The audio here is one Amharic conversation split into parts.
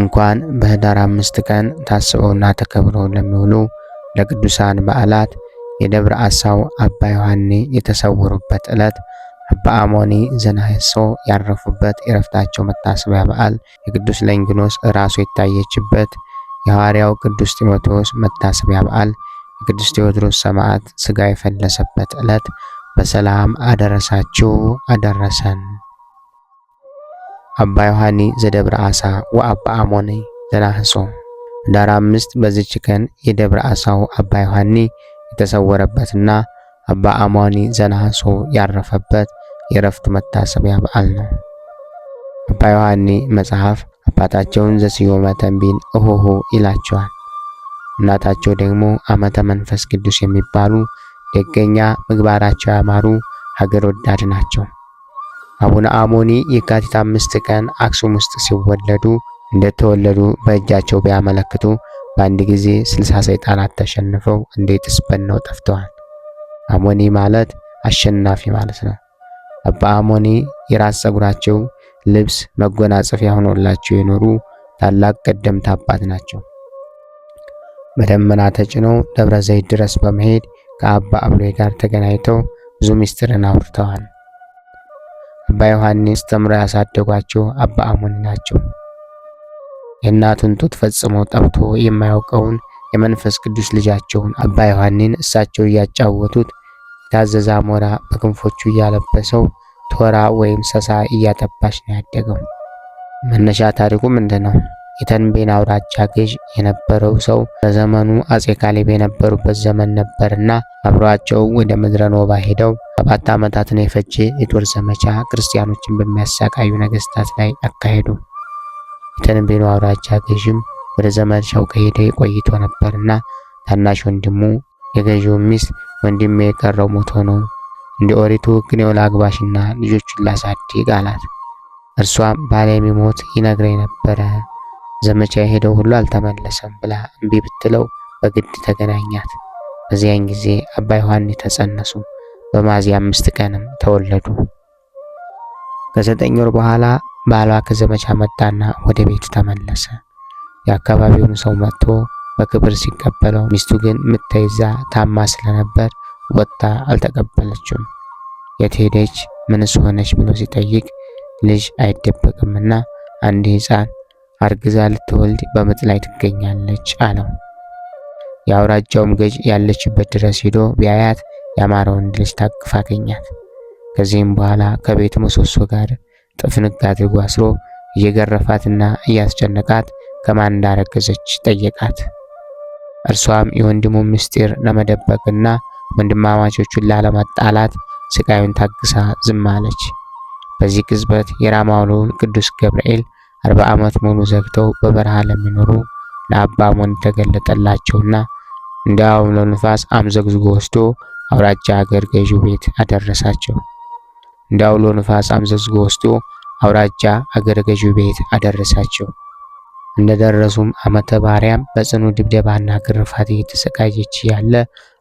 እንኳን በህዳር አምስት ቀን ታስበውና ተከብረው ለሚውሉ ለቅዱሳን በዓላት የደብረ አሳው አባ ዮሐኔ የተሰወሩበት ዕለት አባ አሞኒ ዘናህሶ ያረፉበት የረፍታቸው መታሰቢያ በዓል የቅዱስ ለንግኖስ ራሱ የታየችበት የሐዋርያው ቅዱስ ጢሞቴዎስ መታሰቢያ በዓል የቅዱስ ቴዎድሮስ ሰማዕት ሥጋ የፈለሰበት ዕለት በሰላም አደረሳችሁ አደረሰን። አባ ዮሐኒ ዘደብረ አሳ ወአባ አሞኒ ዘናህሶ ዳራ አምስት በዚች ቀን የደብረ አሳው አባ ዮሐኒ የተሰወረበትና አባ አሞኒ ዘናህሶ ያረፈበት የረፍት መታሰቢያ በዓል ነው። አባ ዮሐኒ መጽሐፍ አባታቸውን ዘስዮመ ተንቢን እሆሆ ይላቸዋል። እናታቸው ደግሞ አመተ መንፈስ ቅዱስ የሚባሉ ደገኛ፣ ምግባራቸው ያማሩ ሀገር ወዳድ ናቸው። አቡነ አሞኒ የካቲት አምስት ቀን አክሱም ውስጥ ሲወለዱ እንደተወለዱ በእጃቸው ቢያመለክቱ በአንድ ጊዜ ስልሳ ሰይጣናት ተሸንፈው እንዴትስ በነው ጠፍተዋል። አሞኒ ማለት አሸናፊ ማለት ነው። አባ አሞኒ የራስ ጸጉራቸው ልብስ መጎናጸፊያ ሆኖላቸው የኖሩ ታላቅ ቀደምት አባት ናቸው። በደመና ተጭኖ ደብረ ዘይት ድረስ በመሄድ ከአባ አብሬ ጋር ተገናኝተው ብዙ ምስጢርን አውርተዋል። አባ ዮሐንስ ተምረው ያሳደጓቸው አባ አሞኒ ናቸው። የእናቱን ጡት ፈጽሞ ጠብቶ የማያውቀውን የመንፈስ ቅዱስ ልጃቸውን አባ ዮሐንስን እሳቸው እያጫወቱት የታዘዘ አሞራ በክንፎቹ እያለበሰው ቶራ ወይም ሰሳ እያጠባች ነው ያደገው። መነሻ ታሪኩ ምንድን ነው? የተንቤን አውራጃ ገዥ የነበረው ሰው በዘመኑ አፄ ካሌብ የነበሩበት ዘመን ነበርና አብሯቸው ወደ ምድረ ኖባ ሄደው ሰባት ዓመታትን የፈጀ የጦር ዘመቻ ክርስቲያኖችን በሚያሳቃዩ ነገስታት ላይ አካሄዱ። የተንቤኑ አውራጃ ገዥም ወደ ዘመቻው ከሄደ ቆይቶ ነበርና ታናሽ ወንድሙ የገዢው ሚስት ወንድሜ የቀረው ሞቶ ነው እንደ ኦሪቱ ሕግን ላግባሽና ልጆቹን ላሳድግ አላት። እርሷም ባሌ የሚሞት ይነግረኝ ነበረ ዘመቻ የሄደው ሁሉ አልተመለሰም ብላ እምቢ ብትለው በግድ ተገናኛት። በዚያን ጊዜ አባ ዮሐንስ ተጸነሱ። በሚያዝያ አምስት ቀንም ተወለዱ። ከዘጠኝ ወር በኋላ ባሏ ከዘመቻ መጣና ወደ ቤት ተመለሰ። የአካባቢውን ሰው መጥቶ በክብር ሲቀበለው፣ ሚስቱ ግን ምታይዛ ታማ ስለነበር ወጥታ አልተቀበለችም። የት ሄደች? ምንስ ሆነች? ብሎ ሲጠይቅ ልጅ አይደበቅምና አንድ ሕፃን አርግዛ ልትወልድ በምጥ ላይ ትገኛለች አለው። የአውራጃውም ገዥ ያለችበት ድረስ ሂዶ ቢያያት ያማረ ወንድ ልጅ ታቅፋ አገኛት። ከዚህም በኋላ ከቤት ምሰሶ ጋር ጥፍንግ አድርጎ አስሮ እየገረፋትና እያስጨነቃት ከማን እንዳረገዘች ጠየቃት። እርሷም የወንድሙ ምስጢር ለመደበቅና ወንድማማቾቹን ላለማጣላት ስቃዩን ታግሳ ዝም አለች። በዚህ ቅጽበት የራማው ቅዱስ ገብርኤል አርባ ዓመት ሙሉ ዘግተው በበረሃ ለሚኖሩ ለአባ ሞን ተገለጠላቸውና እንደ አውሎ ንፋስ አምዘግዝጎ ወስዶ አውራጃ ሀገር ገዢው ቤት አደረሳቸው። እንደ አውሎ ንፋስ አምዘግዝጎ ወስዶ አውራጃ አገር ገዢው ቤት አደረሳቸው። እንደደረሱም አመተ ባሪያም በጽኑ ድብደባና ግርፋት እየተሰቃየች ያለ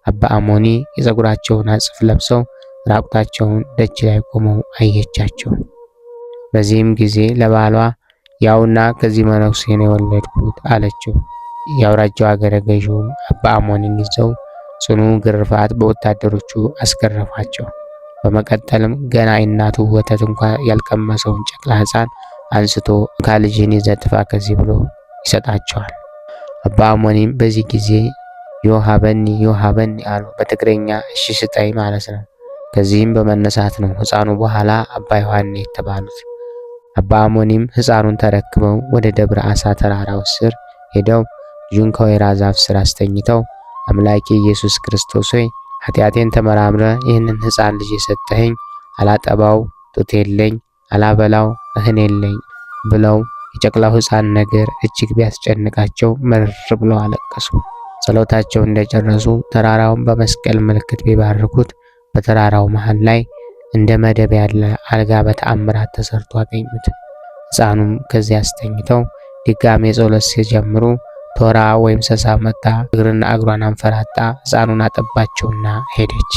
አባ አሞኒ የፀጉራቸውን አጽፍ ለብሰው ራቁታቸውን ደጅ ላይ ቆመው አየቻቸው። በዚህም ጊዜ ለባሏ ያውና ከዚህ መነኩሴ ነው የወለድኩት አለችው። የአውራጃው አገረ ገዥውም አባ አሞንን ይዘው ጽኑ ግርፋት በወታደሮቹ አስገረፋቸው። በመቀጠልም ገና የእናቱ ወተት እንኳ ያልቀመሰውን ጨቅላ ሕፃን አንስቶ ካልጅን ይዘጥፋ ከዚህ ብሎ ይሰጣቸዋል። አባ አሞኒም በዚህ ጊዜ ዮሃበኒ ዮሃበኒ አሉ። በትግረኛ እሺ ስጠኝ ማለት ነው። ከዚህም በመነሳት ነው ሕፃኑ በኋላ አባ ዮሐኔ የተባሉት። አባ አሞኒም ሕፃኑን ተረክበው ወደ ደብረ አሳ ተራራው ስር ሄደው ልጁን ከወይራ ዛፍ ስር አስተኝተው አምላኬ ኢየሱስ ክርስቶስ ሆይ ኃጢአቴን ተመራምረ ይህንን ሕፃን ልጅ የሰጠኸኝ አላጠባው ጡት የለኝ አላበላው እህን የለኝ ብለው የጨቅላው ሕፃን ነገር እጅግ ቢያስጨንቃቸው መርር ብለው አለቀሱ። ጸሎታቸው እንደጨረሱ ተራራውን በመስቀል ምልክት ቢባርኩት በተራራው መሃል ላይ እንደ መደብ ያለ አልጋ በተአምራት ተሰርቶ አገኙት። ሕፃኑም ከዚያ አስተኝተው ድጋሜ ጸሎት ሲጀምሩ ቶራ ወይም ሰሳ መጣ። እግርና እግሯን አንፈራጣ ሕፃኑን አጠባቸውና ሄደች።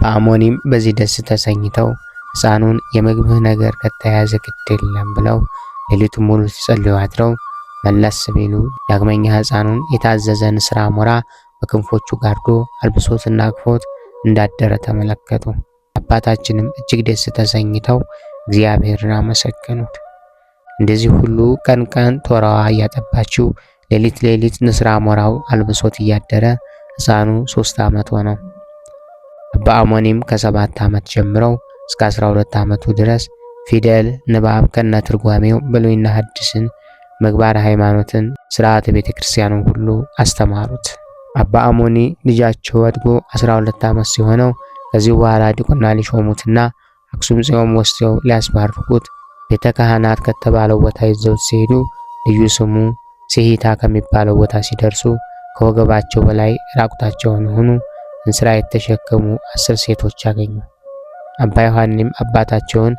በአሞኒም በዚህ ደስ ተሰኝተው ሕፃኑን የምግብህ ነገር ከተያዘ ግድ የለም ብለው ሌሊቱን ሙሉ ሲጸልዩ አድረው መለስ ቢሉ ዳግመኛ ሕፃኑን የታዘዘ ስራ ሞራ በክንፎቹ ጋርዶ አልብሶትና አቅፎት እንዳደረ ተመለከቱ። አባታችንም እጅግ ደስ ተሰኝተው እግዚአብሔርን አመሰገኑት። እንደዚህ ሁሉ ቀን ቀን ቶራዋ እያጠባችው፣ ሌሊት ሌሊት ንስራ ሞራው አልብሶት እያደረ ሕፃኑ ሶስት ዓመት ሆነው። አባ አሞኒም ከሰባት ዓመት ጀምረው እስከ 12 ዓመቱ ድረስ ፊደል፣ ንባብ ከነ ትርጓሜው ብሉይና ሐዲስን፣ ምግባር ሃይማኖትን፣ ስርዓተ ቤተ ክርስቲያኑን ሁሉ አስተማሩት። አባ አሞኒ ልጃቸው አድጎ 12 ዓመት ሲሆነው ከዚህ በኋላ ዲቁና ሊሾሙትና አክሱም ጽዮን ወስደው ሊያስባርኩት ቤተ ካህናት ከተባለው ቦታ ይዘውት ሲሄዱ ልዩ ስሙ ሲሂታ ከሚባለው ቦታ ሲደርሱ ከወገባቸው በላይ ራቁታቸውን ሆኑ እንስራ የተሸከሙ አስር ሴቶች አገኙ። አባ ዮሐንም አባታቸውን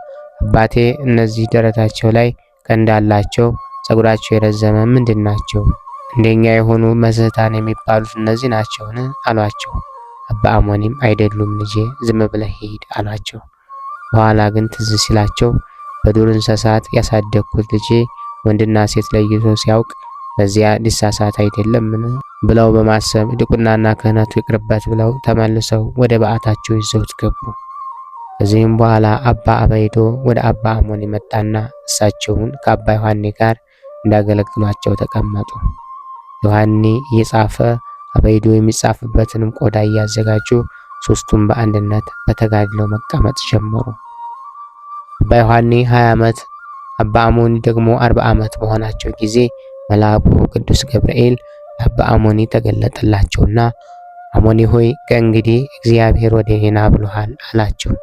አባቴ እነዚህ ደረታቸው ላይ ቀንድ አላቸው፣ ጸጉራቸው የረዘመ ምንድን ናቸው? እንደኛ የሆኑ መስህታን የሚባሉት እነዚህ ናቸውን? አሏቸው። በአሞኒም አይደሉም ልጄ ዝም ብለህ ሂድ አሏቸው። በኋላ ግን ትዝ ሲላቸው በዱር እንስሳት ያሳደግኩት ልጄ ወንድና ሴት ለይቶ ሲያውቅ በዚያ ሊሳሳት አይደለምን ብለው በማሰብ ድቁናና ክህነቱ ይቅርበት ብለው ተመልሰው ወደ በዓታቸው ይዘውት ገቡ። ከዚህም በኋላ አባ አበይዶ ወደ አባ አሞን የመጣና እሳቸውን ከአባ ዮሐኔ ጋር እንዳገለግሏቸው ተቀመጡ። ዮሐኔ እየጻፈ አበይዶ የሚጻፍበትንም ቆዳ እያዘጋጁ ሶስቱም በአንድነት በተጋድለው መቀመጥ ጀመሩ። አባ ዮሐኔ 20 ዓመት አባ አሞኒ ደግሞ 40 ዓመት በሆናቸው ጊዜ መልአኩ ቅዱስ ገብርኤል አባ አሞኒ ተገለጠላቸውና አሞኒ ሆይ ከእንግዲህ እግዚአብሔር ወደ እኔ ብሎሃል አላቸው።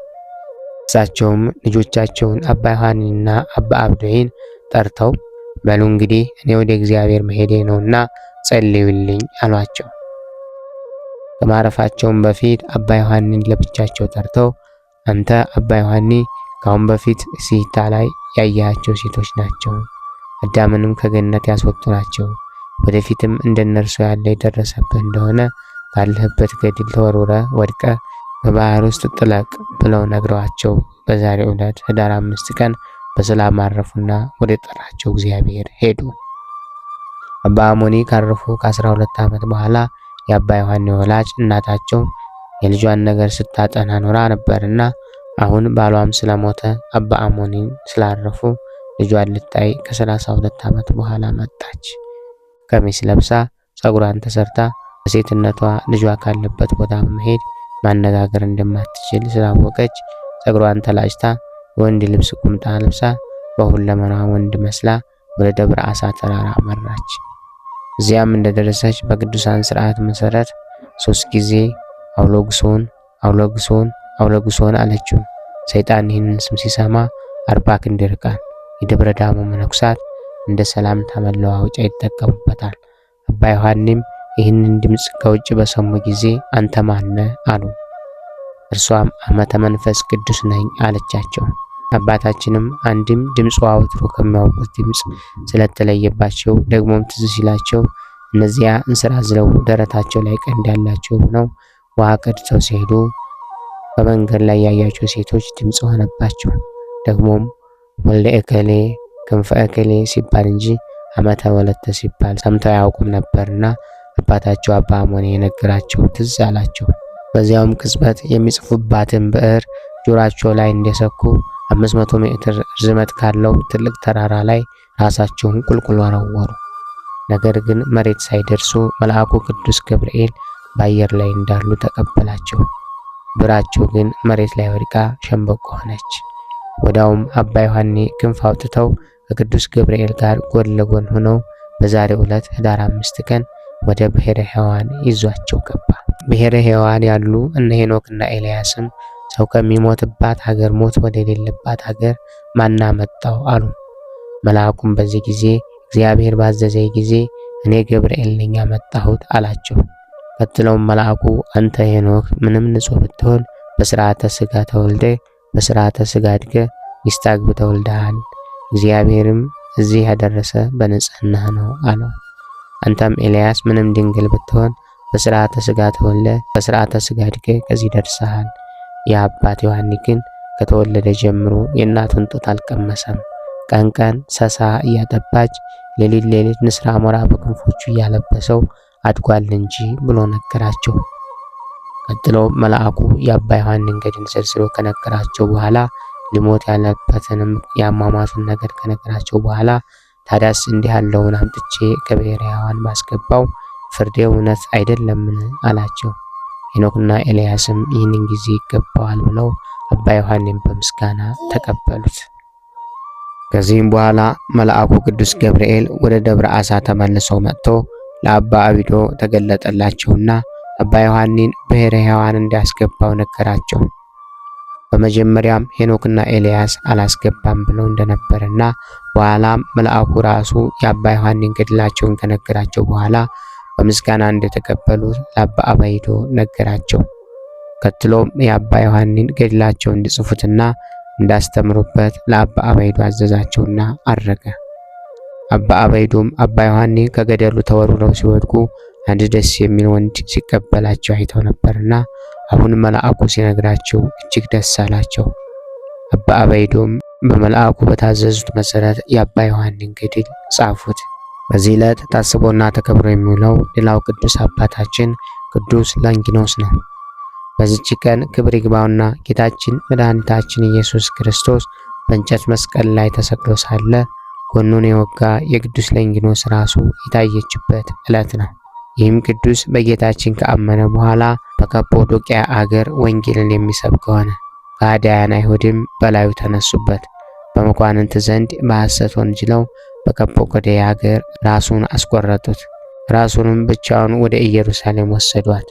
እሳቸውም ልጆቻቸውን አባ ዮሐንንና አባ አብዶይን ጠርተው በሉ እንግዲህ እኔ ወደ እግዚአብሔር መሄዴ ነውና ጸልዩልኝ አሏቸው። ከማረፋቸውም በፊት አባ ዮሐንስን ለብቻቸው ጠርተው አንተ አባ ዮሐንስ ከአሁን በፊት ሲታ ላይ ያያቸው ሴቶች ናቸው፣ አዳምንም ከገነት ያስወጡ ናቸው። ወደፊትም እንደነርሱ ያለ የደረሰብህ እንደሆነ ካለህበት ገድል ተወርውረ ወድቀ በባህር ውስጥ ጥለቅ ብለው ነግረዋቸው በዛሬው ዕለት ህዳር አምስት ቀን በሰላም አረፉና ወደ ጠራቸው እግዚአብሔር ሄዱ። አባ አሞኒ ካረፉ ከአስራ ሁለት ዓመት በኋላ የአባ ዮሐን ወላጅ እናታቸው የልጇን ነገር ስታጠና ኑራ ነበርና አሁን ባሏም ስለሞተ አባ አሞኒን ስላረፉ ልጇን ልታይ ከሰላሳ 32 ዓመት በኋላ መጣች። ቀሚስ ለብሳ ጸጉሯን ተሰርታ በሴትነቷ ልጇ ካለበት ቦታ በመሄድ ማነጋገር እንደማትችል ስላወቀች ጸጉሯን ተላጭታ የወንድ ልብስ ቁምጣ ለብሳ በሁለመናዋ ወንድ መስላ ወደ ደብረ አሳ ተራራ መራች። እዚያም እንደደረሰች በቅዱሳን ስርዓት መሰረት ሶስት ጊዜ አውሎግሶን አውሎግሶን አውሎግሶን አለችው። ሰይጣን ይህንን ስም ሲሰማ አርባ ክንድ ይርቃል። የደብረ ዳሞ መነኩሳት እንደ ሰላምታ መለዋወጫ ይጠቀሙበታል። አባ ዮሐንም ይህንን ድምፅ ከውጭ በሰሙ ጊዜ አንተ ማነ አሉ። እርሷም አመተ መንፈስ ቅዱስ ነኝ አለቻቸው። አባታችንም አንድም ድምፅ አውጥሮ ከሚያውቁት ድምፅ ስለተለየባቸው ደግሞም ትዝ ሲላቸው እነዚያ እንስራ ዝለው ደረታቸው ላይ ቀንድ ያላቸው ሆነው ውሃ ቀድተው ሲሄዱ በመንገድ ላይ ያያቸው ሴቶች ድምፅ ሆነባቸው። ደግሞም ወልደ እከሌ ክንፈ እከሌ ሲባል እንጂ አመተ ወለተ ሲባል ሰምተው አያውቁም ነበርና አባታቸው አባ የነገራቸው ትዝ አላቸው። በዚያውም ቅጽበት የሚጽፉባትን ብዕር ጆሯቸው ላይ እንደሰኩ 500 ሜትር ርዝመት ካለው ትልቅ ተራራ ላይ ራሳቸውን ቁልቁል ወረወሩ። ነገር ግን መሬት ሳይደርሱ መልአኩ ቅዱስ ገብርኤል በአየር ላይ እንዳሉ ተቀበላቸው። ብራቸው ግን መሬት ላይ ወድቃ ሸምበቆ ሆነች። ወዳውም አባ ዮሐኔ ክንፍ አውጥተው ከቅዱስ ገብርኤል ጋር ጎን ለጎን ሆነው በዛሬው ዕለት ህዳር አምስት ቀን ወደ ብሔረ ሕያዋን ይዟቸው ገባ። ብሔረ ሕያዋን ያሉ እነ ሄኖክና ኤልያስም ሰው ከሚሞትባት ሀገር ሞት ወደሌለባት ሀገር ማናመጣው አሉ። መልአኩም በዚህ ጊዜ እግዚአብሔር ባዘዘ ጊዜ እኔ ገብርኤል ነኝ ያመጣሁት አላቸው። ቀጥለውም መልአኩ አንተ ሄኖክ ምንም ንጹሕ ብትሆን በስርዓተ ስጋ ተወልደ በስርዓተ ስጋ አድገ ሚስት ተወልዳል እግዚአብሔርም እዚህ ያደረሰ በንጽህና ነው አለው። አንተም ኤልያስ ምንም ድንግል ብትሆን በስርዓተ ስጋ ተወልደ በስርዓተ ስጋ አድገ ከዚህ ደርሰሃል። የአባት ዮሐኒ ግን ከተወለደ ጀምሮ የእናቱን ጡት አልቀመሰም። ቀን ቀን ሰሳ እያጠባች፣ ሌሊት ሌሊት ንስር አሞራ በክንፎቹ እያለበሰው አድጓል እንጂ ብሎ ነገራቸው። ቀጥሎ መልአኩ የአባ ዮሐንን ገድል ዘርዝሮ ከነገራቸው በኋላ ሊሞት ያለበትንም የአሟሟቱን ነገር ከነገራቸው በኋላ ታዲያስ እንዲህ ያለውን አምጥቼ ከብሔረ ሕያዋን ባስገባው ፍርዴ እውነት አይደለምን? አላቸው። ሄኖክና ኤልያስም ይህንን ጊዜ ይገባዋል ብለው አባ ዮሐኔን በምስጋና ተቀበሉት። ከዚህም በኋላ መልአኩ ቅዱስ ገብርኤል ወደ ደብረ አሳ ተመልሶ መጥቶ ለአባ አቢዶ ተገለጠላቸውና አባ ዮሐኔን ብሔረ ሕያዋን እንዲያስገባው ነገራቸው። በመጀመሪያም ሄኖክና ኤልያስ አላስገባም ብለው እንደነበረና በኋላም መልአኩ ራሱ የአባ ዮሐኔን ገድላቸውን ከነገራቸው በኋላ በምስጋና እንደተቀበሉ ለአባ አባይዶ ነገራቸው። ቀጥሎም የአባ ዮሐንስን ገድላቸው እንዲጽፉትና እንዳስተምሩበት ለአባ አባይዶ አዘዛቸውና አረገ። አባ አባይዶም አባ ዮሐንስ ከገደሉ ተወርውረው ሲወድቁ አንድ ደስ የሚል ወንድ ሲቀበላቸው አይተው ነበርና አሁን መልአኩ ሲነግራቸው እጅግ ደስ አላቸው። አባ አባይዶም በመልአኩ በታዘዙት መሰረት የአባ ዮሐንስን ገድል ጻፉት። በዚህ ዕለት ታስቦና ተከብሮ የሚውለው ሌላው ቅዱስ አባታችን ቅዱስ ላንጊኖስ ነው። በዚች ቀን ክብር ይግባውና ጌታችን መድኃኒታችን ኢየሱስ ክርስቶስ በእንጨት መስቀል ላይ ተሰቅሎ ሳለ ጎኑን የወጋ የቅዱስ ለንጊኖስ ራሱ የታየችበት ዕለት ነው። ይህም ቅዱስ በጌታችን ከአመነ በኋላ በካፖዶቅያ አገር ወንጌልን የሚሰብክ ሆነ። ከአዳያን አይሁድም በላዩ ተነሱበት፣ በመኳንንት ዘንድ በሐሰት ወንጅለው በከጶዶቅያ አገር ራሱን አስቆረጡት። ራሱንም ብቻውን ወደ ኢየሩሳሌም ወሰዷት።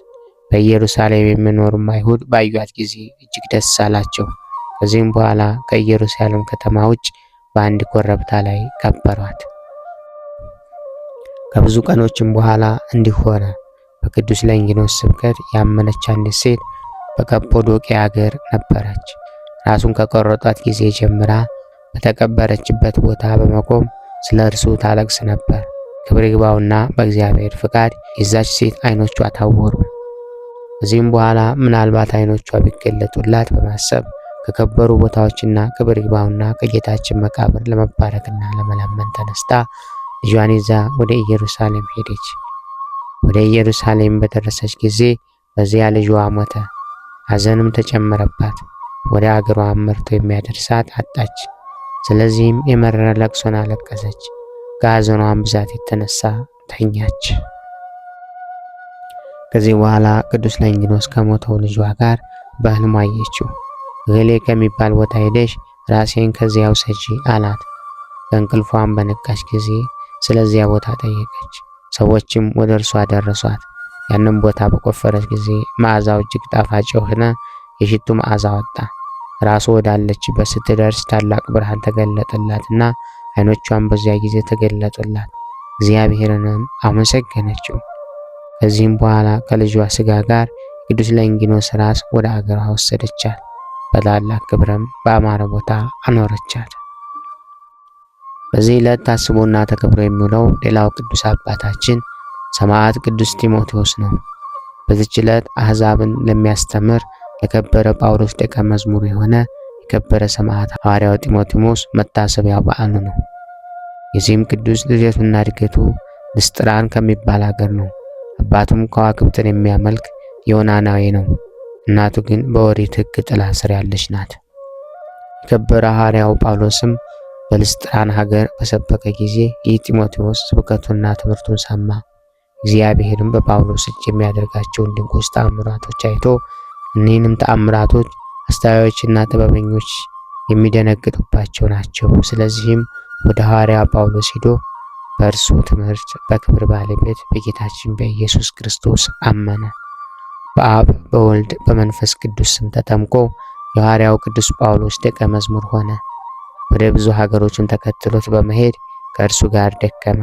በኢየሩሳሌም የሚኖር አይሁድ ባዩት ጊዜ እጅግ ደስ አላቸው። ከዚህም በኋላ ከኢየሩሳሌም ከተማ ውጭ በአንድ ኮረብታ ላይ ቀበሯት። ከብዙ ቀኖችም በኋላ እንዲህ ሆነ። በቅዱስ ለንጊኖስ ስብከት ያመነች አንዲት ሴት በከጶዶቅያ አገር ነበረች። ራሱን ከቆረጧት ጊዜ ጀምራ በተቀበረችበት ቦታ በመቆም ስለ እርሱ ታለቅስ ነበር። ክብር ይግባውና በእግዚአብሔር ፍቃድ የዛች ሴት አይኖቿ ታወሩ። ከዚህም በኋላ ምናልባት አይኖቿ ቢገለጡላት በማሰብ ከከበሩ ቦታዎችና ክብር ይግባውና ከጌታችን መቃብር ለመባረክና ለመለመን ተነስታ ልጇን ይዛ ወደ ኢየሩሳሌም ሄደች። ወደ ኢየሩሳሌም በደረሰች ጊዜ በዚያ ልጇ ሞተ። ሐዘንም ተጨመረባት። ወደ አገሯ ምርቶ የሚያደርሳት አጣች። ስለዚህም የመረረ ለቅሶን አለቀሰች። ከሐዘኗን ብዛት የተነሳ ተኛች። ከዚህ በኋላ ቅዱስ ለንጊኖስ ከሞተው ልጇ ጋር በሕልም አየችው። እህሌ ከሚባል ቦታ ሄደሽ ራሴን ከዚያው ሰጂ አላት። ከእንቅልፏን በነቃች ጊዜ ስለዚያ ቦታ ጠየቀች። ሰዎችም ወደ እርሷ ደረሷት። ያንም ቦታ በቆፈረች ጊዜ መዓዛው እጅግ ጣፋጭ የሆነ የሽቱ መዓዛ ወጣ። ራሱ ወዳለችበት ስትደርስ ታላቅ ብርሃን ተገለጠላትና ዓይኖቿን በዚያ ጊዜ ተገለጡላት፣ እግዚአብሔርንም አመሰገነችው። ከዚህም በኋላ ከልጇ ሥጋ ጋር ቅዱስ ለንጊኖስ ራስ ወደ አገሯ ወሰደቻት፣ በታላቅ ክብርም በአማረ ቦታ አኖረቻት። በዚህ ዕለት ታስቦና ተከብሮ የሚውለው ሌላው ቅዱስ አባታችን ሰማዕት ቅዱስ ጢሞቴዎስ ነው። በዚች ዕለት አሕዛብን ለሚያስተምር የከበረ ጳውሎስ ደቀ መዝሙር የሆነ የከበረ ሰማዕት ሐዋርያው ጢሞቴዎስ መታሰቢያ በዓሉ ነው። የዚህም ቅዱስ ልደቱና እድገቱ ንስጥራን ከሚባል አገር ነው። አባቱም ከዋክብትን የሚያመልክ ዮናናዊ ነው። እናቱ ግን በኦሪት ሕግ ጥላ ስር ያለች ናት። የከበረ ሐዋርያው ጳውሎስም በልስጥራን ሀገር በሰበከ ጊዜ ይህ ጢሞቴዎስ ስብከቱንና ትምህርቱን ሰማ። እግዚአብሔርም በጳውሎስ እጅ የሚያደርጋቸውን ድንቆች ተአምራቶች አይቶ እኒህንም ተአምራቶች አስተዋዮችና ጥበበኞች የሚደነግጡባቸው ናቸው። ስለዚህም ወደ ሐዋርያ ጳውሎስ ሂዶ በእርሱ ትምህርት በክብር ባለቤት በጌታችን በኢየሱስ ክርስቶስ አመነ። በአብ በወልድ በመንፈስ ቅዱስ ስም ተጠምቆ የሐዋርያው ቅዱስ ጳውሎስ ደቀ መዝሙር ሆነ። ወደ ብዙ ሀገሮችን ተከትሎት በመሄድ ከእርሱ ጋር ደከመ።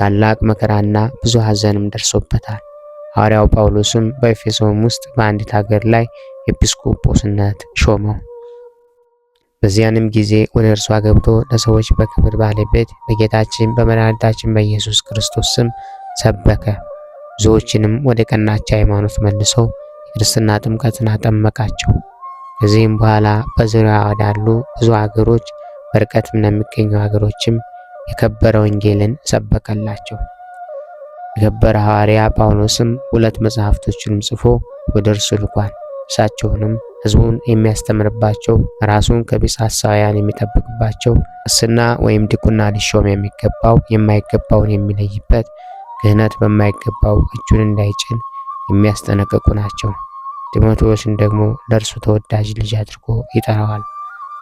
ታላቅ መከራና ብዙ ሐዘንም ደርሶበታል። ሐዋርያው ጳውሎስም በኤፌሶን ውስጥ በአንዲት ሀገር ላይ ኤጲስቆጶስነት ሾመው። በዚያንም ጊዜ ወደ እርሷ ገብቶ ለሰዎች በክብር ባለቤት በጌታችን በመድኃኒታችን በኢየሱስ ክርስቶስ ስም ሰበከ። ብዙዎችንም ወደ ቀናች ሃይማኖት መልሶ የክርስትና ጥምቀትን አጠመቃቸው። ከዚህም በኋላ በዙሪያ ወዳሉ ብዙ አገሮች በርቀት ለሚገኙ አገሮችም የከበረ ወንጌልን ሰበከላቸው። የከበረ ሐዋርያ ጳውሎስም ሁለት መጽሐፍቶችንም ጽፎ ወደ እርሱ ልኳል። እሳቸውንም ሕዝቡን የሚያስተምርባቸው ራሱን ከቢጽ ሐሳውያን የሚጠብቅባቸው ቅስና ወይም ድቁና ሊሾም የሚገባው የማይገባውን የሚለይበት ክህነት በማይገባው እጁን እንዳይጭን የሚያስጠነቅቁ ናቸው። ጢሞቴዎስን ደግሞ ለእርሱ ተወዳጅ ልጅ አድርጎ ይጠራዋል።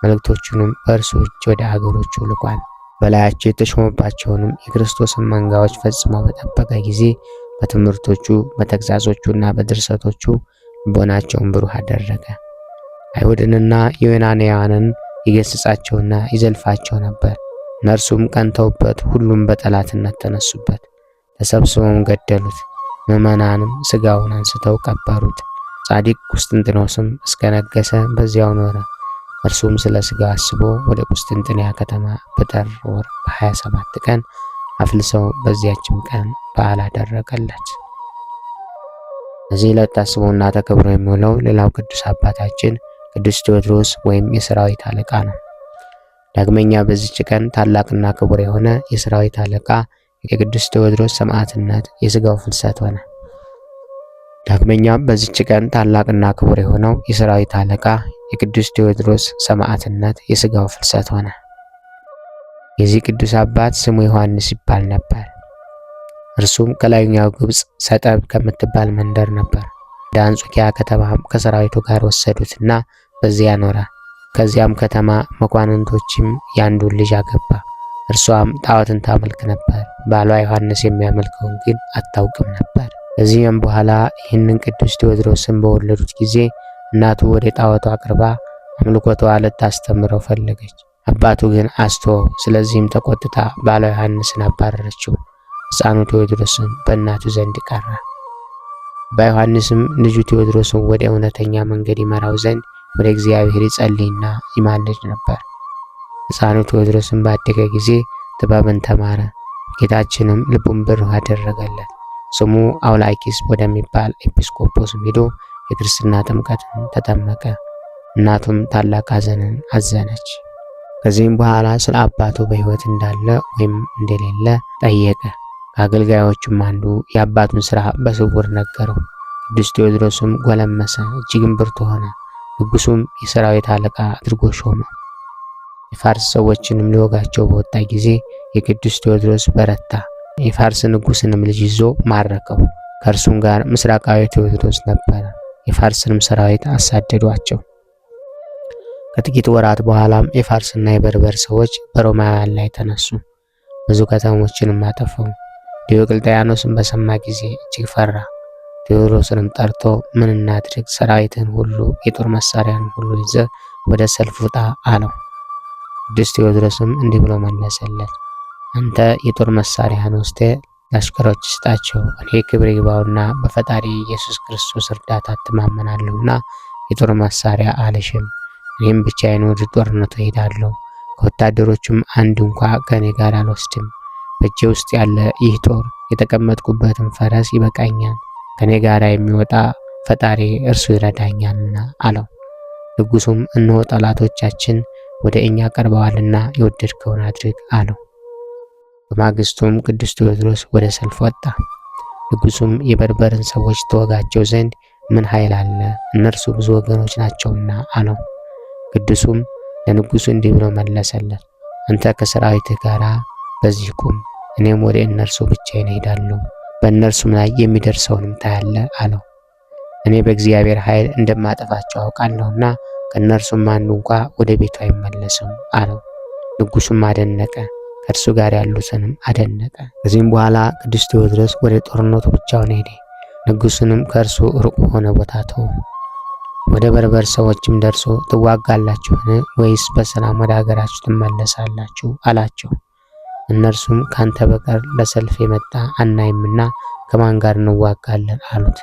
መልእክቶቹንም በእርሱ እጅ ወደ አገሮቹ ልኳል። በላያቸው የተሾመባቸውንም የክርስቶስን መንጋዎች ፈጽሞ በጠበቀ ጊዜ በትምህርቶቹ በተግዛዞቹና በድርሰቶቹ ልቦናቸውን ብሩህ አደረገ። አይሁድንና ዮናንያንን ይገስጻቸውና ይዘልፋቸው ነበር። እነርሱም ቀንተውበት ሁሉም በጠላትነት ተነሱበት፣ ተሰብስበውም ገደሉት። ምዕመናንም ስጋውን አንስተው ቀበሩት። ጻዲቅ ቁስጥንጥኖስም ነገሰ በዚያው ኖረ። እርሱም ስለ ስጋ አስቦ ወደ ቁስጥንጥንያ ከተማ በጥር ወር በ27 ቀን አፍልሰው በዚያችም ቀን በዓል አደረገለት። እዚህ ዕለት ታስቦና ተከብሮ የሚውለው ሌላው ቅዱስ አባታችን ቅዱስ ቴዎድሮስ ወይም የሰራዊት አለቃ ነው። ዳግመኛ በዚች ቀን ታላቅና ክቡር የሆነ የሰራዊት አለቃ የቅዱስ ቴዎድሮስ ሰማዕትነት የስጋው ፍልሰት ሆነ። ዳግመኛም በዚች ቀን ታላቅና ክቡር የሆነው የሰራዊት አለቃ የቅዱስ ቴዎድሮስ ሰማዕትነት የሥጋው ፍልሰት ሆነ። የዚህ ቅዱስ አባት ስሙ ዮሐንስ ይባል ነበር። እርሱም ከላይኛው ግብፅ ሰጠብ ከምትባል መንደር ነበር። ወደ አንጾኪያ ከተማም ከሰራዊቱ ጋር ወሰዱትና በዚያ ኖረ። ከዚያም ከተማ መኳንንቶችም ያንዱን ልጅ አገባ። እርሷም ጣዖትን ታመልክ ነበር። ባሏ ዮሐንስ የሚያመልከውን ግን አታውቅም ነበር። እዚህም በኋላ ይህንን ቅዱስ ቴዎድሮስን በወለዱት ጊዜ እናቱ ወደ ጣዖቱ አቅርባ አምልኮቷ ልታስተምረው ፈለገች። አባቱ ግን አስቶ፣ ስለዚህም ተቆጥታ ባለ ዮሐንስን አባረረችው። ሕፃኑ ቴዎድሮስም በእናቱ ዘንድ ቀረ። በዮሐንስም ልጁ ቴዎድሮስን ወደ እውነተኛ መንገድ ይመራው ዘንድ ወደ እግዚአብሔር ይጸልይና ይማልድ ነበር። ሕፃኑ ቴዎድሮስን ባደገ ጊዜ ጥበብን ተማረ። ጌታችንም ልቡን ብሩህ አደረገለት። ስሙ አውላኪስ ወደሚባል ኤጲስቆጶስ ሄዶ የክርስትና ጥምቀትን ተጠመቀ። እናቱም ታላቅ ሐዘንን አዘነች። ከዚህም በኋላ ስለ አባቱ በሕይወት እንዳለ ወይም እንደሌለ ጠየቀ። ከአገልጋዮቹም አንዱ የአባቱን ሥራ በስውር ነገረው። ቅዱስ ቴዎድሮስም ጎለመሰ፣ እጅግም ብርቱ ሆነ። ንጉሱም የሰራዊት አለቃ አድርጎ ሾመ። የፋርስ ሰዎችንም ሊወጋቸው በወጣ ጊዜ የቅዱስ ቴዎድሮስ በረታ። የፋርስ ንጉሥንም ልጅ ይዞ ማረከው። ከእርሱም ጋር ምስራቃዊ ቴዎድሮስ ነበረ። የፋርስንም ሰራዊት አሳደዷቸው። ከጥቂት ወራት በኋላም የፋርስና የበርበር ሰዎች በሮማውያን ላይ ተነሱ፣ ብዙ ከተሞችንም አጠፈው። ዲዮቅልጥያኖስን በሰማ ጊዜ እጅግ ፈራ። ቴዎድሮስንም ጠርቶ ምን እናድርግ? ሰራዊትን ሁሉ የጦር መሳሪያን ሁሉ ይዘ ወደ ሰልፍ ውጣ አለው። ቅዱስ ቴዎድሮስም እንዲህ ብሎ መለሰለት አንተ የጦር መሳሪያህን ወስደህ ለአሽከሮች ስጣቸው፣ እኔ ክብር ይግባውና በፈጣሪ ኢየሱስ ክርስቶስ እርዳታ እተማመናለሁና የጦር መሳሪያ አልሽም። እኔም ብቻዬን ወደ ጦርነቱ እሄዳለሁ፣ ከወታደሮቹም አንድ እንኳ ከእኔ ጋር አልወስድም። በእጄ ውስጥ ያለ ይህ ጦር የተቀመጥኩበትን ፈረስ ይበቃኛል፣ ከእኔ ጋር የሚወጣ ፈጣሪ እርሱ ይረዳኛልና አለው። ንጉሱም እነሆ ጠላቶቻችን ወደ እኛ ቀርበዋልና የወደድከውን አድርግ አለው። በማግስቱም ቅዱስ ቴዎድሮስ ወደ ሰልፍ ወጣ። ንጉሱም የበርበርን ሰዎች ተወጋቸው ዘንድ ምን ኃይል አለ? እነርሱ ብዙ ወገኖች ናቸውና አለው። ቅዱሱም ለንጉሱ እንዲህ ብሎ መለሰለት፣ አንተ ከሰራዊትህ ጋር በዚህ ቁም፣ እኔም ወደ እነርሱ ብቻዬን እሄዳለሁ፣ በእነርሱም ላይ የሚደርሰውንም ታያለ አለው። እኔ በእግዚአብሔር ኃይል እንደማጠፋቸው አውቃለሁና ከእነርሱም አንዱ እንኳ ወደ ቤቱ አይመለስም አለው። ንጉሱም አደነቀ። ከእርሱ ጋር ያሉትንም አደነቀ። ከዚህም በኋላ ቅዱስ ቴዎድሮስ ወደ ጦርነቱ ብቻውን ሄደ። ንጉሱንም ከእርሱ ሩቅ በሆነ ቦታ ተው። ወደ በርበር ሰዎችም ደርሶ ትዋጋላችሁን? ወይስ በሰላም ወደ ሀገራችሁ ትመለሳላችሁ? አላቸው። እነርሱም ካንተ በቀር ለሰልፍ የመጣ አናይምና ከማን ጋር እንዋጋለን? አሉት።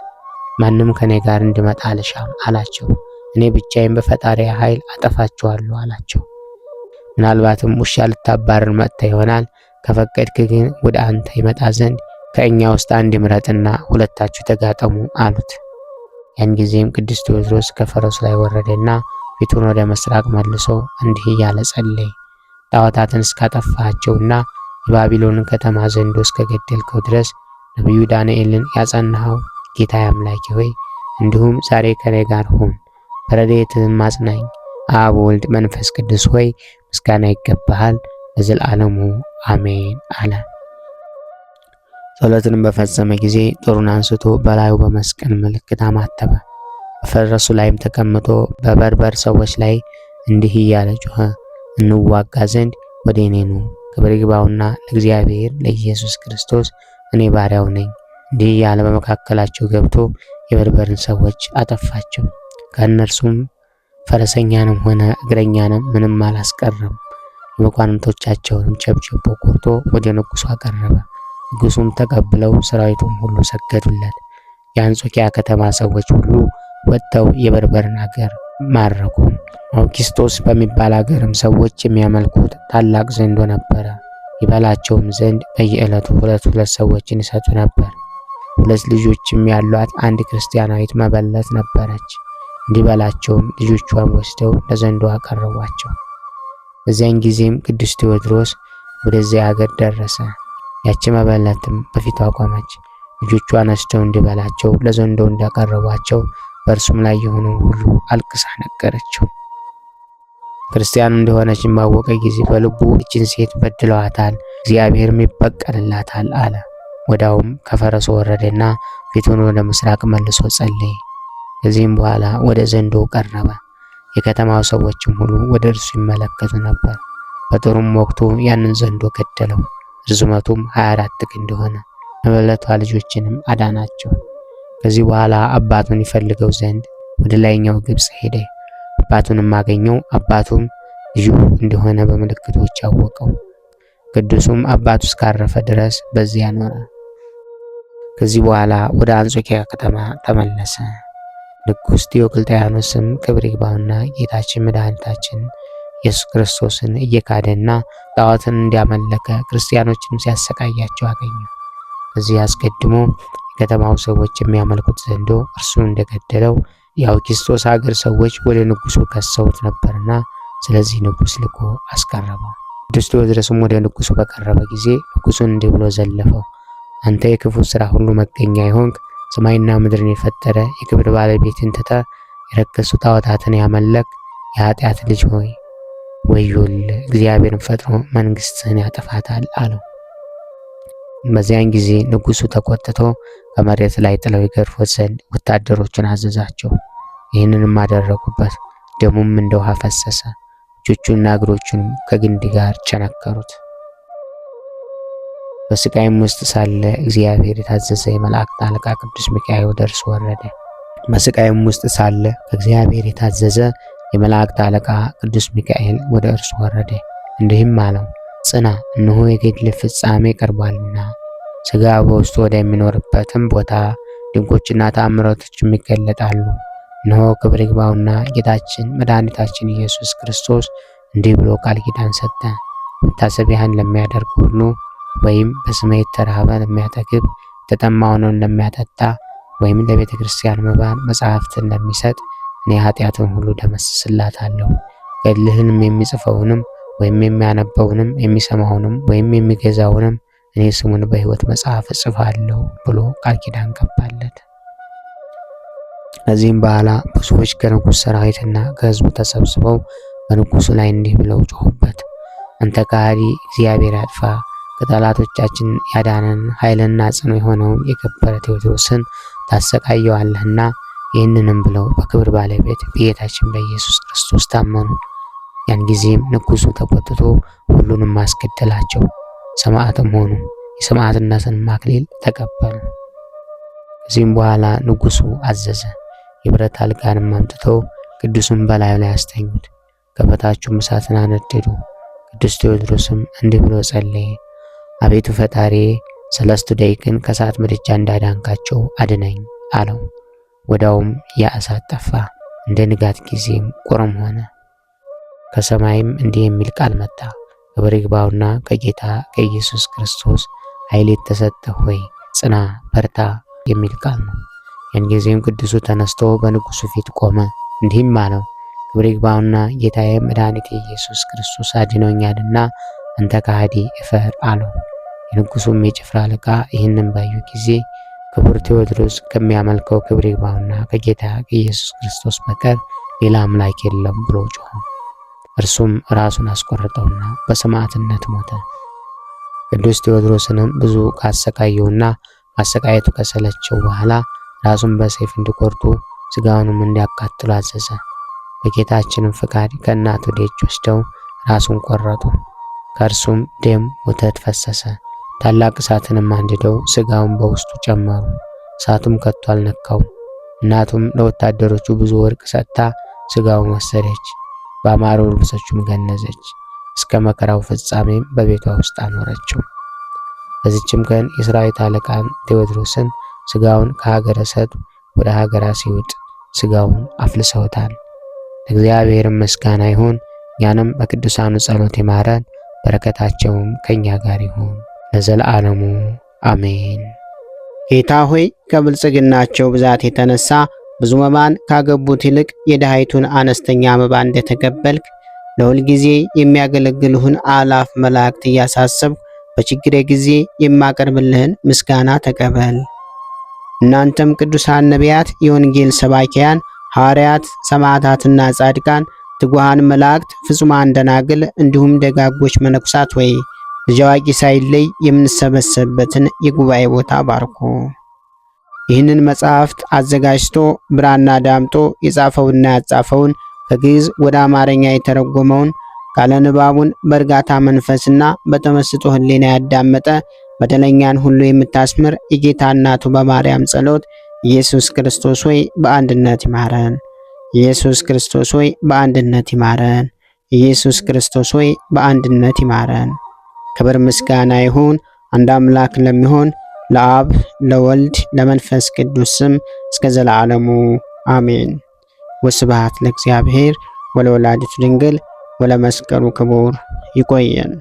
ማንም ከኔ ጋር እንድመጣ አልሻም አላቸው። እኔ ብቻዬን በፈጣሪ ኃይል አጠፋችኋለሁ አላቸው። ምናልባትም ውሻ ልታባርር መጥታ ይሆናል። ከፈቀድክ ግን ወደ አንተ ይመጣ ዘንድ ከእኛ ውስጥ አንድ ምረጥና ሁለታችሁ ተጋጠሙ አሉት። ያን ጊዜም ቅዱስ ቴዎድሮስ ከፈረሱ ላይ ወረደና ፊቱን ወደ ምስራቅ መልሶ እንዲህ እያለ ጸለየ። ጣዖታትን እስካጠፋቸውና የባቢሎንን ከተማ ዘንዶ እስከገደልከው ድረስ ነቢዩ ዳንኤልን ያጸናኸው ጌታ አምላኬ ሆይ እንዲሁም ዛሬ ከኔ ጋር ሁን፣ በረድኤትህም አጽናኝ አብ ወልድ መንፈስ ቅዱስ ሆይ ምስጋና ይገባሃል ለዘላለሙ አሜን አለ። ጸሎትንም በፈጸመ ጊዜ ጦሩን አንስቶ በላዩ በመስቀል ምልክት አማተበ። በፈረሱ ላይም ተቀምጦ በበርበር ሰዎች ላይ እንዲህ እያለ ጮኸ፣ እንዋጋ ዘንድ ወደ እኔ ኑ፣ ክብር ይግባውና ለእግዚአብሔር ለኢየሱስ ክርስቶስ እኔ ባሪያው ነኝ። እንዲህ እያለ በመካከላቸው ገብቶ የበርበርን ሰዎች አጠፋቸው። ከእነርሱም ፈረሰኛንም ሆነ እግረኛንም ምንም አላስቀረም። የመኳንንቶቻቸውንም ቸብቸቦ ቆርጦ ወደ ንጉሱ አቀረበ። ንጉሱም ተቀብለው ሰራዊቱም ሁሉ ሰገዱለት። የአንጾኪያ ከተማ ሰዎች ሁሉ ወጥተው የበርበርን አገር ማረኩ። አውጊስጦስ በሚባል አገርም ሰዎች የሚያመልኩት ታላቅ ዘንዶ ነበረ። ይበላቸውም ዘንድ በየዕለቱ ሁለት ሁለት ሰዎችን ይሰጡ ነበር። ሁለት ልጆችም ያሏት አንድ ክርስቲያናዊት መበለት ነበረች። እንዲበላቸውም ልጆቿን ወስደው ለዘንዶ አቀረቧቸው። በዚያን ጊዜም ቅዱስ ቴዎድሮስ ወደዚያ ሀገር ደረሰ። ያች መበለትም በፊቱ አቆመች። ልጆቿን ወስደው እንዲበላቸው ለዘንዶ እንዳቀረቧቸው በእርሱም ላይ የሆነው ሁሉ አልቅሳ ነገረችው። ክርስቲያን እንደሆነች ባወቀ ጊዜ በልቡ እችን ሴት በድለዋታል፣ እግዚአብሔርም ይበቀልላታል አለ። ወዳውም ከፈረሱ ወረደና ፊቱን ወደ ምስራቅ መልሶ ጸለየ። ከዚህም በኋላ ወደ ዘንዶ ቀረበ። የከተማው ሰዎችም ሁሉ ወደ እርሱ ይመለከቱ ነበር። በጦሩም ወቅቱ ያንን ዘንዶ ገደለው። ርዝመቱም 24 ክንድ ሆነ። መበለቷ ልጆችንም አዳናቸው። ከዚህ በኋላ አባቱን ይፈልገው ዘንድ ወደ ላይኛው ግብፅ ሄደ። አባቱንም አገኘው። አባቱም ልጁ እንደሆነ በምልክቶች አወቀው። ቅዱሱም አባቱ እስካረፈ ድረስ በዚያ ኖረ። ከዚህ በኋላ ወደ አንጾኪያ ከተማ ተመለሰ። ንጉሥ ዲዮቅልጥያኖስም ክብር ይግባውና ጌታችን መድኃኒታችን ኢየሱስ ክርስቶስን እየካደና ጣዖትን እንዲያመለከ ክርስቲያኖችንም ሲያሰቃያቸው አገኘ። እዚህ አስቀድሞ የከተማው ሰዎች የሚያመልኩት ዘንዶ እርሱን እንደገደለው የአውግስጦስ ሀገር ሰዎች ወደ ንጉሱ ከሰውት ነበርና ስለዚህ ንጉስ ልኮ አስቀረበው። ቅዱስ ቴዎድሮስም ወደ ንጉሱ በቀረበ ጊዜ ንጉሱን እንዲህ ብሎ ዘለፈው። አንተ የክፉ ስራ ሁሉ መገኛ ይሆንክ ሰማይና ምድርን የፈጠረ የክብር ባለቤትን ትተ የረከሱ ጣዖታትን ያመለክ የኃጢአት ልጅ ሆይ ወዮል፣ እግዚአብሔርን ፈጥሮ መንግሥትህን ያጠፋታል አለው። በዚያን ጊዜ ንጉሱ ተቆጥቶ ከመሬት ላይ ጥለው ይገርፉት ዘንድ ወታደሮቹን አዘዛቸው። ይህንንም አደረጉበት። ደሙም እንደ ውሃ ፈሰሰ። እጆቹና እግሮቹንም ከግንድ ጋር ቸነከሩት። በስቃይም ውስጥ ሳለ እግዚአብሔር የታዘዘ የመላእክት አለቃ ቅዱስ ሚካኤል ወደ እርሱ ወረደ። በስቃይም ውስጥ ሳለ ከእግዚአብሔር የታዘዘ የመላእክት አለቃ ቅዱስ ሚካኤል ወደ እርሱ ወረደ፣ እንዲህም አለው፣ ጽና፣ እነሆ የገድል ፍጻሜ ቀርቧልና። ስጋ በውስጡ ወደሚኖርበትም ቦታ ድንቆችና ተአምራቶችም ይገለጣሉ። እነሆ ክብር ይግባውና ጌታችን መድኃኒታችን ኢየሱስ ክርስቶስ እንዲህ ብሎ ቃል ኪዳን ሰጠ፣ መታሰቢያህን ለሚያደርጉ ሁሉ ወይም በስሜት ተራበ ለሚያጠግብ የተጠማውን እንደሚያጠጣ ወይም ለቤተ ክርስቲያን መባን መጽሐፍትን እንደሚሰጥ እኔ ኃጢአትን ሁሉ ደመስስላታለሁ። ገድልህንም የሚጽፈውንም ወይም የሚያነበውንም የሚሰማውንም ወይም የሚገዛውንም እኔ ስሙን በሕይወት መጽሐፍ እጽፋለሁ ብሎ ቃል ኪዳን ገባለት። ከዚህም በኋላ ብዙዎች ከንጉሥ ሰራዊትና ከሕዝቡ ተሰብስበው በንጉሱ ላይ እንዲህ ብለው ጮሁበት፣ አንተ ከሃዲ፣ እግዚአብሔር ያጥፋ ከጠላቶቻችን ያዳነን ኃይልና ጽኑ የሆነውን የከበረ ቴዎድሮስን ታሰቃየዋለህና ይህንንም ብለው በክብር ባለቤት በጌታችን በኢየሱስ ክርስቶስ ታመኑ። ያን ጊዜም ንጉሱ ተቆጥቶ ሁሉንም አስገደላቸው። ሰማዕትም ሆኑ። የሰማዕትነትን አክሊል ተቀበሉ። ከዚህም በኋላ ንጉሱ አዘዘ። የብረት አልጋንም አምጥቶ ቅዱስም በላዩ ላይ አስተኙት። ከበታቹም እሳትን አነደዱ። ቅዱስ ቴዎድሮስም እንዲህ ብሎ ጸለየ። አቤቱ ፈጣሪ ሰለስቱ ደቂቅን ከእሳት ምድጃ እንዳዳንካቸው አድነኝ አለው። ወዳውም ያ እሳት ጠፋ፣ እንደ ንጋት ጊዜም ቁርም ሆነ። ከሰማይም እንዲህ የሚል ቃል መጣ። ክብር ይግባውና ከጌታ ከኢየሱስ ክርስቶስ ኃይል ተሰጠ ሆይ ጽና፣ በርታ የሚል ቃል ነው። ያን ጊዜም ቅዱሱ ተነስቶ በንጉሱ ፊት ቆመ፣ እንዲህም አለው ክብር ይግባውና ጌታዬ መድኃኒቴ ኢየሱስ ክርስቶስ አድኖኛልና አንተ ከሃዲ እፈር አለው። የንጉሱም የጭፍራ አለቃ ይህንን ባዩ ጊዜ ክቡር ቴዎድሮስ ከሚያመልከው ክብር ይግባውና ከጌታ ከኢየሱስ ክርስቶስ በቀር ሌላ አምላክ የለም ብሎ ጮኸ። እርሱም ራሱን አስቆርጠውና በሰማዕትነት ሞተ። ቅዱስ ቴዎድሮስንም ብዙ ካሰቃየውና ማሰቃየቱ ከሰለቸው በኋላ ራሱን በሰይፍ እንዲቆርጡ ስጋውንም እንዲያቃጥሉ አዘዘ። በጌታችንም ፍቃድ ከእናቱ ደጅ ወስደው ራሱን ቆረጡ። ከእርሱም ደም ወተት ፈሰሰ። ታላቅ እሳትንም አንድደው ስጋውን በውስጡ ጨመሩ። እሳቱም ከቶ አልነካው። እናቱም ለወታደሮቹ ብዙ ወርቅ ሰጥታ ስጋውን ወሰደች፣ በአማሩ ልብሶቹም ገነዘች። እስከ መከራው ፍጻሜም በቤቷ ውስጥ አኖረችው። በዚችም ቀን የሰራዊት አለቃን ቴዎድሮስን ስጋውን ከሀገረ ሰጥ ወደ ሀገረ ሲውጥ ስጋውን አፍልሰውታል። ለእግዚአብሔር ምስጋና ይሁን። እኛንም በቅዱሳኑ ጸሎት ይማረን፣ በረከታቸውም ከእኛ ጋር ይሁን። ለዘለዓለሙ አሜን። ጌታ ሆይ ከብልጽግናቸው ብዛት የተነሳ ብዙ መባን ካገቡት ይልቅ የድሃይቱን አነስተኛ መባ እንደተቀበልክ ለሁል ጊዜ የሚያገለግልህን አላፍ መላእክት እያሳሰብኩ በችግሬ ጊዜ የማቀርብልህን ምስጋና ተቀበል። እናንተም ቅዱሳን ነቢያት፣ የወንጌል ሰባኪያን ሐዋርያት፣ ሰማዕታትና ጻድቃን፣ ትጉሃን መላእክት፣ ፍጹማን ደናግል እንዲሁም ደጋጎች መነኩሳት ወይ ልጅ አዋቂ ሳይለይ የምንሰበሰብበትን የጉባኤ ቦታ ባርኮ ይህንን መጽሐፍት አዘጋጅቶ ብራና ዳምጦ የጻፈውና ያጻፈውን ከግዕዝ ወደ አማርኛ የተረጎመውን ቃለ ንባቡን በእርጋታ መንፈስና በተመስጦ ሕሊና ያዳመጠ በደለኛን ሁሉ የምታስምር የጌታ እናቱ በማርያም ጸሎት ኢየሱስ ክርስቶስ ሆይ በአንድነት ይማረን። ኢየሱስ ክርስቶስ ሆይ በአንድነት ይማረን። ኢየሱስ ክርስቶስ ሆይ በአንድነት ይማረን። ክብር ምስጋና ይሁን አንድ አምላክ ለሚሆን ለአብ ለወልድ ለመንፈስ ቅዱስ ስም እስከ ዘላለሙ አሜን። ወስብሐት ለእግዚአብሔር ወለወላዲቱ ድንግል ወለመስቀሉ ክቡር። ይቆየን።